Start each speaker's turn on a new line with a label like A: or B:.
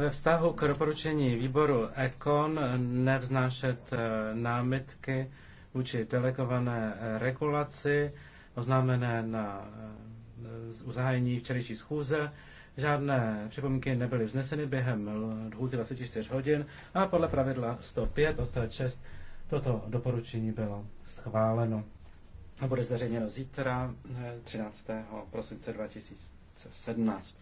A: Ve vztahu k doporučení výboru ECON nevznášet eh, námitky vůči delegované eh, regulaci oznámené na eh, uzájení včerejší schůze. Žádné připomínky nebyly vzneseny během 24 hodin a podle pravidla 105 odstavec 6 toto doporučení bylo schváleno a bude zveřejněno zítra 13. prosince 2017.